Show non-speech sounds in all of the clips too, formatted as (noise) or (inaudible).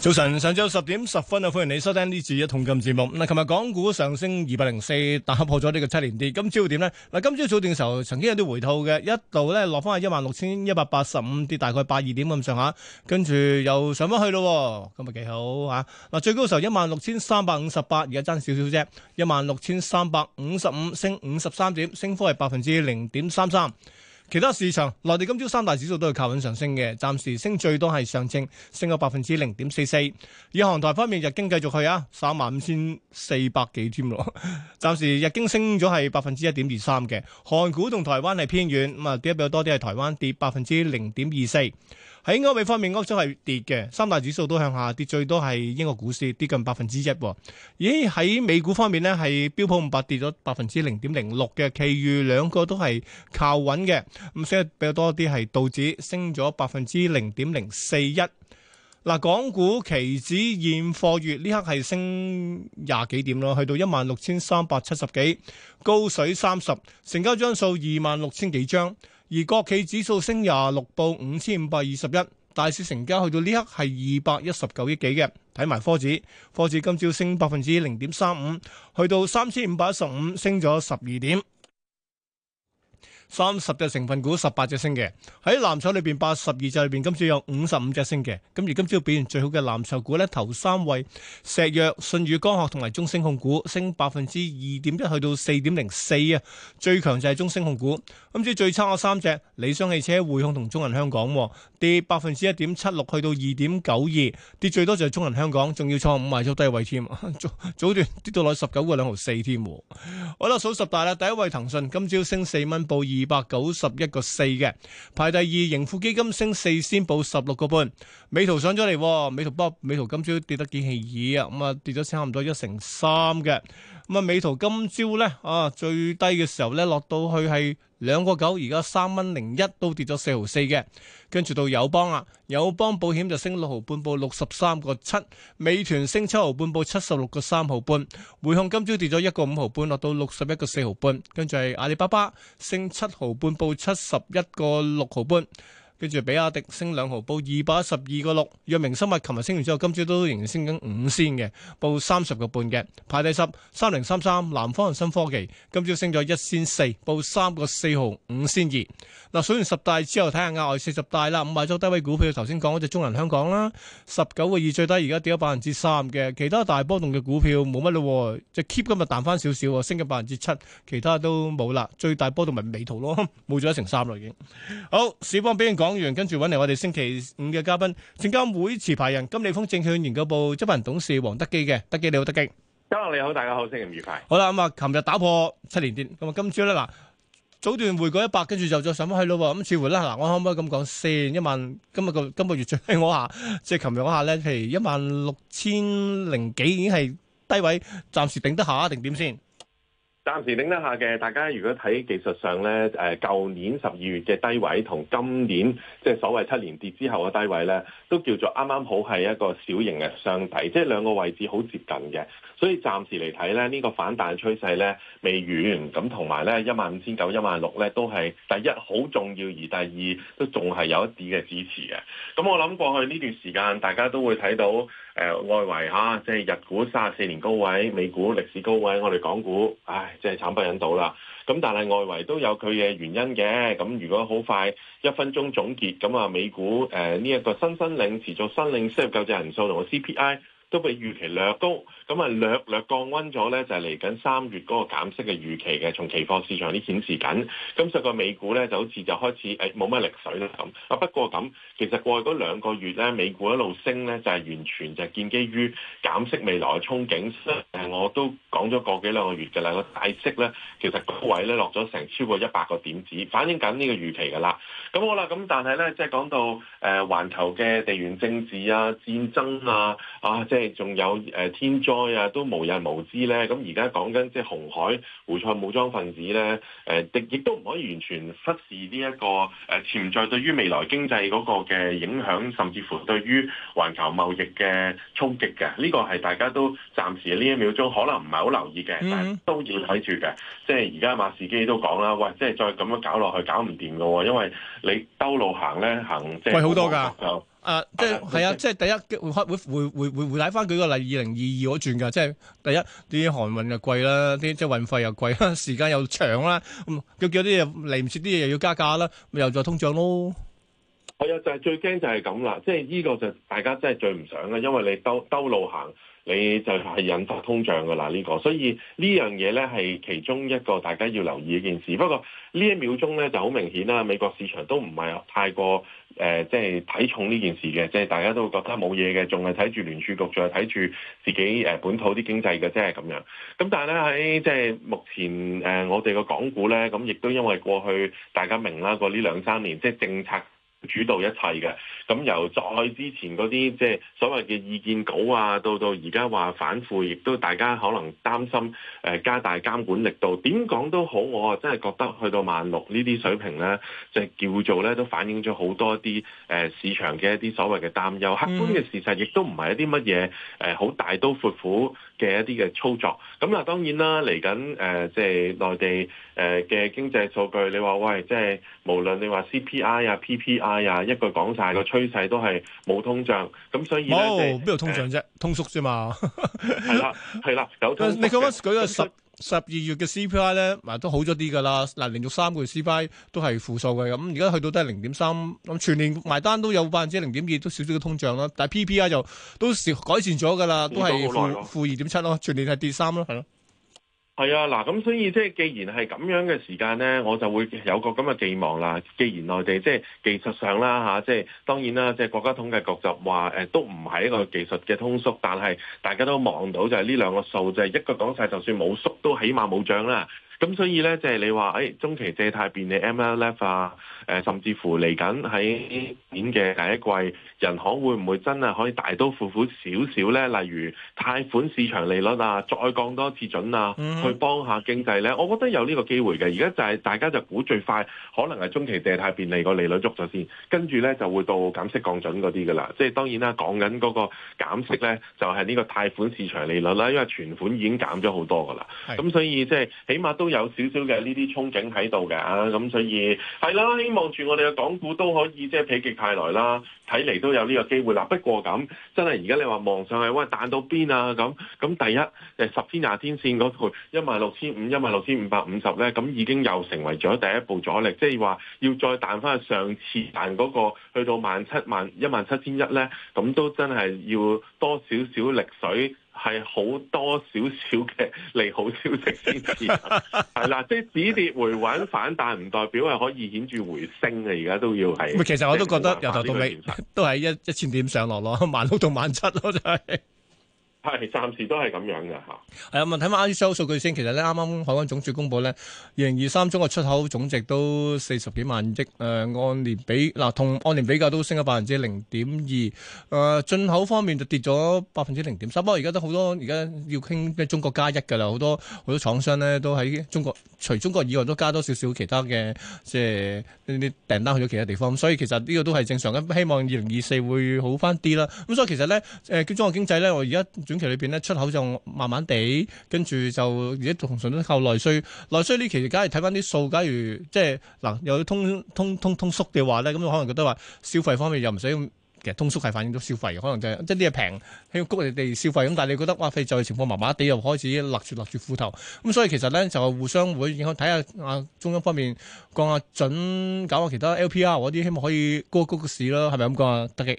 早晨，上晝十點十分啊，歡迎你收聽呢次一桶金節目。嗱、啊，琴日港股上升二百零四，打破咗呢個七連跌。今朝點呢？嗱、啊，今朝早段嘅時候曾經有啲回吐嘅，一度咧落翻係一萬六千一百八十五，跌大概百二點咁上下，跟、啊、住又上翻去咯。咁咪幾好吓？嗱、啊啊，最高嘅時候 16, 8, 一萬六千三百五十八，而家爭少少啫，一萬六千三百五十五，升五十三點，升幅係百分之零點三三。其他市場，內地今朝三大指數都係靠穩上升嘅，暫時升最多係上證，升個百分之零點四四。以韓台方面，日經繼續去啊，三萬五千四百幾添咯。暫時日經升咗係百分之一點二三嘅，韓股同台灣係偏軟，咁啊跌得比較多啲係台灣，跌百分之零點二四。喺歐美方面，歐洲係跌嘅，三大指數都向下跌，最多係英國股市跌近百分之一。咦，喺美股方面呢，係標普五百跌咗百分之零點零六嘅，其餘兩個都係靠穩嘅。咁所以比較多啲係道指升咗百分之零點零四一。嗱，港股期指現貨月呢刻係升廿幾點咯，去到一萬六千三百七十幾，高水三十，成交張數二萬六千幾張。而國企指數升廿六，報五千五百二十一。大市成交去到呢刻係二百一十九億幾嘅。睇埋科指，科指今朝升百分之零點三五，去到三千五百一十五，升咗十二點。三十隻成分股，十八隻升嘅。喺藍籌裏邊，八十二隻裏邊，今朝有五十五隻升嘅。咁而今朝表現最好嘅藍籌股呢，頭三位石藥、舜宇光學同埋中升控股，升百分之二點一，去到四點零四啊。最強就係中升控股。今朝最差嘅三隻，理想汽車、匯控同中銀香港。1> 跌百分之一點七六，去到二點九二，跌最多就係中入香港，仲要創五日咗低位添，早早段跌到落十九個兩毫四添。好啦，數十大啦，第一位騰訊今朝升四蚊，報二百九十一個四嘅，排第二盈富基金升四先，報十六個半。美圖上咗嚟，美圖波，美圖今朝跌得幾起耳啊，咁、嗯、啊跌咗差唔多一成三嘅。咁啊，美圖今朝咧啊，最低嘅時候咧落到去係兩個九，而家三蚊零一都跌咗四毫四嘅。跟住到友邦啊，友邦保險就升六毫半報六十三個七，美團升七毫半報七十六個三毫半，匯控今朝跌咗一個五毫半，落到六十一個四毫半。跟住係阿里巴巴，升七毫半報七十一個六毫半。跟住比亞迪升兩毫，報二百一十二個六。藥明生物琴日升完之後，今朝都仍然升緊五仙嘅，報三十個半嘅。排第十，三零三三，南方恒生科技今朝升咗一仙四，報三個四毫五仙二。嗱，數完十大之後，睇下亞外四十大啦。五買咗低位股票，頭先講嗰隻中銀香港啦，十九個二最低，而家跌咗百分之三嘅。其他大波動嘅股票冇乜咯，就 keep 今日彈返少少，升咗百分之七，其他都冇啦。最大波動咪美圖咯，冇咗一成三啦已經。好，市況邊人講？講完跟住揾嚟，我哋星期五嘅嘉賓，證監會持牌人、金利豐證券研究部執行董事黃德幾嘅，德幾你好，德幾，今日、哦、你好，大家好，星期五愉快。好啦，咁、嗯、啊，琴日打破七年跌，咁、嗯、啊，今朝咧嗱，早段回過一百，跟住就再上翻去咯。咁似乎咧，嗱、嗯，我可唔可以咁講先？一萬，今日個今個月最起、就是、我下即係琴日嗰下咧，譬如一萬六千零幾，已經係低位，暫時頂得下定點先。暫時頂得下嘅，大家如果睇技術上咧，誒舊年十二月嘅低位同今年即係、就是、所謂七連跌之後嘅低位咧，都叫做啱啱好係一個小型嘅箱底，即係兩個位置好接近嘅，所以暫時嚟睇咧，呢、這個反彈趨勢咧未完，咁同埋咧一萬五千九、一萬六咧都係第一好重要，而第二都仲係有一啲嘅支持嘅。咁我諗過去呢段時間，大家都會睇到。誒、呃、外圍嚇，即係日股三十四年高位，美股歷史高位，我哋港股，唉，即係慘不忍睹啦。咁但係外圍都有佢嘅原因嘅。咁如果好快一分鐘總結，咁啊美股誒呢一個新申領持續申領失業救濟人數同埋 CPI。都比預期略高，咁啊略略降溫咗咧，就係嚟緊三月嗰個減息嘅預期嘅，從期貨市場啲顯示緊。咁實個美股咧就好似就開始誒冇乜力水啦咁。啊不過咁，其實過去嗰兩個月咧，美股一路升咧，就係、是、完全就係建基於減息未來嘅憧憬。誒我都講咗個幾兩個月嘅啦，個大息咧其實高位咧落咗成超過一百個點子，反映緊呢個預期噶啦。咁好啦，咁但係咧即係講到誒環、呃、球嘅地緣政治啊、戰爭啊、啊即係。仲有誒、呃、天災啊，都無人無知咧。咁而家講緊即係紅海胡塞武裝分子咧，誒、呃、亦都唔可以完全忽視呢一個誒潛在對於未來經濟嗰個嘅影響，甚至乎對於環球貿易嘅衝擊嘅。呢、這個係大家都暫時呢一秒鐘可能唔係好留意嘅，嗯、但都要睇住嘅。即係而家馬士基都講啦，喂，即係再咁樣搞落去搞唔掂嘅喎，因為你兜路呢行咧行即係貴好多㗎。啊、uh, uh, okay.，即係係啊，即係第一會會會會回睇返舉個例，二零二二我轉㗎，即係第一啲韓運又貴啦，啲即係運費又貴啦，時間又長啦，咁、嗯、佢叫啲嘢嚟唔切啲嘢又要加價啦，咪又再通脹咯。我又就係最驚就係咁啦，即係呢個就大家真係最唔想嘅，因為你兜兜路行你就係引發通脹嘅啦。呢個所以呢樣嘢咧係其中一個大家要留意嘅件事。不過呢一秒鐘咧就好明顯啦，美國市場都唔係太過誒，即係睇重呢件事嘅，即係大家都覺得冇嘢嘅，仲係睇住聯儲局，仲係睇住自己誒本土啲經濟嘅，即係咁樣。咁但係咧喺即係目前誒我哋嘅港股咧，咁亦都因為過去大家明啦，過呢兩三年即係政策，主導一切嘅，咁由再之前嗰啲即係所謂嘅意見稿啊，到到而家話反腐，亦都大家可能擔心誒加大監管力度。點講都好，我真係覺得去到萬六呢啲水平咧，即係叫做咧都反映咗好多啲誒市場嘅一啲所謂嘅擔憂。客觀嘅事實亦都唔係一啲乜嘢誒，好大刀闊斧。嘅一啲嘅操作，咁嗱，當然啦，嚟緊誒即係內地誒嘅、呃、經濟數據，你話喂，即、就、係、是、無論你話 CPI 啊、PPI 啊，一句講晒個趨勢都係冇通脹，咁所以咧冇邊度通脹啫，通縮啫嘛，係啦係啦，有 (laughs) 你講一舉個十。十二月嘅 CPI 咧，嗱都好咗啲噶啦，嗱連續三個月 CPI 都係負數嘅咁，而家去到都係零點三，咁全年埋單都有百分之零點二，都少少嘅通脹啦。但係 PPI 就都改善咗噶啦，都係負負二點七咯，7，全年係跌三咯，係咯。係啊，嗱咁所以即係既然係咁樣嘅時間咧，我就會有個咁嘅寄望啦。既然內地即係技術上啦吓，即係、啊、當然啦，即係國家統計局就話誒、呃、都唔係一個技術嘅通縮，但係大家都望到就係呢兩個數，就係、是、一個講晒，就算冇縮都起碼冇漲啦。咁所以咧，即係你話，誒、哎、中期借貸便利 MLF 啊，誒、呃、甚至乎嚟緊喺年嘅第一季，人行會唔會真係可以大刀闊斧少少咧？例如貸款市場利率啊，再降多次準啊，去幫下經濟咧？我覺得有呢個機會嘅。而家就係、是、大家就估最快可能係中期借貸便利個利率捉咗先，跟住咧就會到減息降準嗰啲噶啦。即、就、係、是、當然啦，講緊嗰個減息咧，就係、是、呢個貸款市場利率啦、啊，因為存款已經減咗好多噶啦。咁的所以即係、就是、起碼都。 (noise) 有少少嘅呢啲憧憬喺度嘅，咁所以係啦，希望住我哋嘅港股都可以即係否極泰來啦。睇嚟都有呢個機會啦。不過咁真係而家你話望上去，喂，彈到邊啊？咁咁，第一，誒、十天廿天線嗰套一萬六千五、一萬六千五百五十咧，咁已經又成為咗第一步阻力，即係話要再彈翻去上次彈嗰個去到萬七萬、一萬七千一咧，咁都真係要多少少力水。係好多少少嘅利好消息先至，係啦， (laughs) 即係止跌回穩反彈，唔代表係可以顯著回升嘅，而家都要係。其實我都覺得由頭到尾都係一一千點上落咯，萬六到萬七咯，就係。係暫時都係咁樣嘅吓，係啊、嗯，問睇翻 I Show 數據先。其實咧，啱啱海關總署公布咧，二零二三中國出口總值都四十幾萬億，誒、呃，按年比嗱同、呃、按年比較都升咗百分之零點二。誒、呃，進口方面就跌咗百分之零點三。不過而家都好多，而家要傾即中國加一嘅啦，好多好多廠商咧都喺中國，除中國以外都加多少少其他嘅，即係呢啲訂單去咗其他地方。所以其實呢個都係正常嘅，希望二零二四會好翻啲啦。咁所以其實咧，誒、呃，中國經濟咧，我而家。短期裏邊咧，出口就慢慢地，跟住就而且通常都靠內需。內需呢期，而家係睇翻啲數。假如即係嗱有通通通通縮嘅話咧，咁可能覺得話消費方面又唔使，其實通縮係反映到消費可能就係、是、即係啲嘢平起谷你哋消費。咁但係你覺得哇，佢再、就是、情況麻麻地又開始勒住勒住褲頭。咁所以其實咧就互相會影響。睇下阿中央方面降下準搞下其他 LPR 嗰啲，希望可以高個股市咯。係咪咁講啊？得嘅。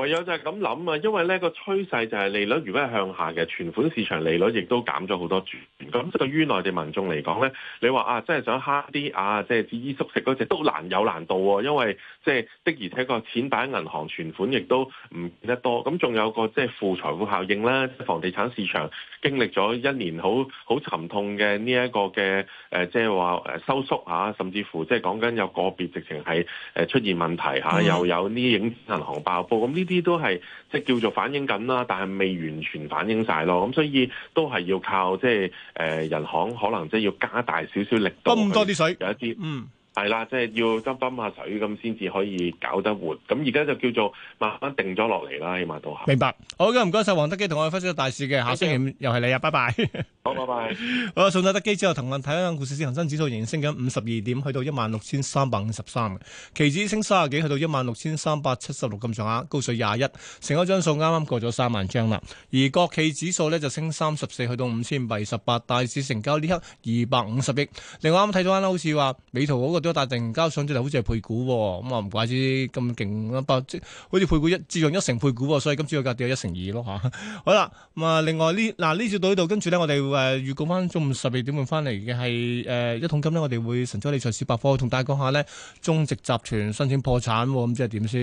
唯有就係咁諗啊，因為呢、呢個趨勢就係利率如果係向下嘅，存款市場利率亦都減咗好多。咁對於內地民眾嚟講咧，你話啊，真係想慳啲啊，即係置衣縮食嗰隻都難有難度喎、啊。因為即、就、係、是、的而且確錢擺喺銀行存款亦都唔見得多。咁仲有個即係負財富效應啦，房地產市場經歷咗一年好好沉痛嘅呢一個嘅誒，即係話誒收縮嚇、啊，甚至乎即係講緊有個別直情係誒出現問題嚇、啊，又有呢啲影子銀行爆煲咁呢？啲都係即係叫做反映緊啦，但係未完全反映晒咯，咁所以都係要靠即係誒、呃、人行可能即係要加大少少力度，咁多啲水，有一啲嗯。係啦，即係要執返下水咁，先至可以搞得活。咁而家就叫做慢慢定咗落嚟啦，起碼都。明白，好嘅，唔該晒，黃德幾同我哋分析個大市嘅，下星期五又係你啊，拜拜。好，拜拜。好，送咗德幾之後，同我睇下股市，恒生指數仍然升緊五十二點，去到一萬六千三百五十三嘅，期指升三十幾，去到一萬六千三百七十六咁上下，高水廿一，成交張數啱啱過咗三萬張啦。而國企指數咧就升三十四，去到五千八十八，大市成交呢刻二百五十億。另外啱啱睇咗啱啦，好似話美圖嗰個。但定交上，即係好似係配股咁啊！唔怪之咁勁，好似配股一至用一成配股，所以今次嘅價跌咗一成二咯吓。好啦，咁啊，另外呢，嗱呢支隊度跟住呢，我哋誒預告翻中午十二點半翻嚟嘅係誒一桶金呢，我哋會神州理財小百科同大家講下呢，中植集團申請破產，咁即係點先？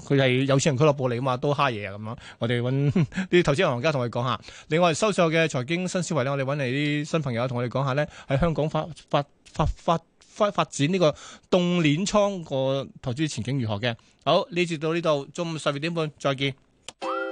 佢係有錢人俱樂部嚟嘛，都蝦嘢啊咁樣。我哋揾啲投資銀行家同佢講下。另外收數嘅財經新思維呢，我哋揾嚟啲新朋友同我哋講下呢，喺香港發發發發。發發展呢個凍鏈倉個投資前景如何嘅？好，呢節到呢度，中午十二點半，再見。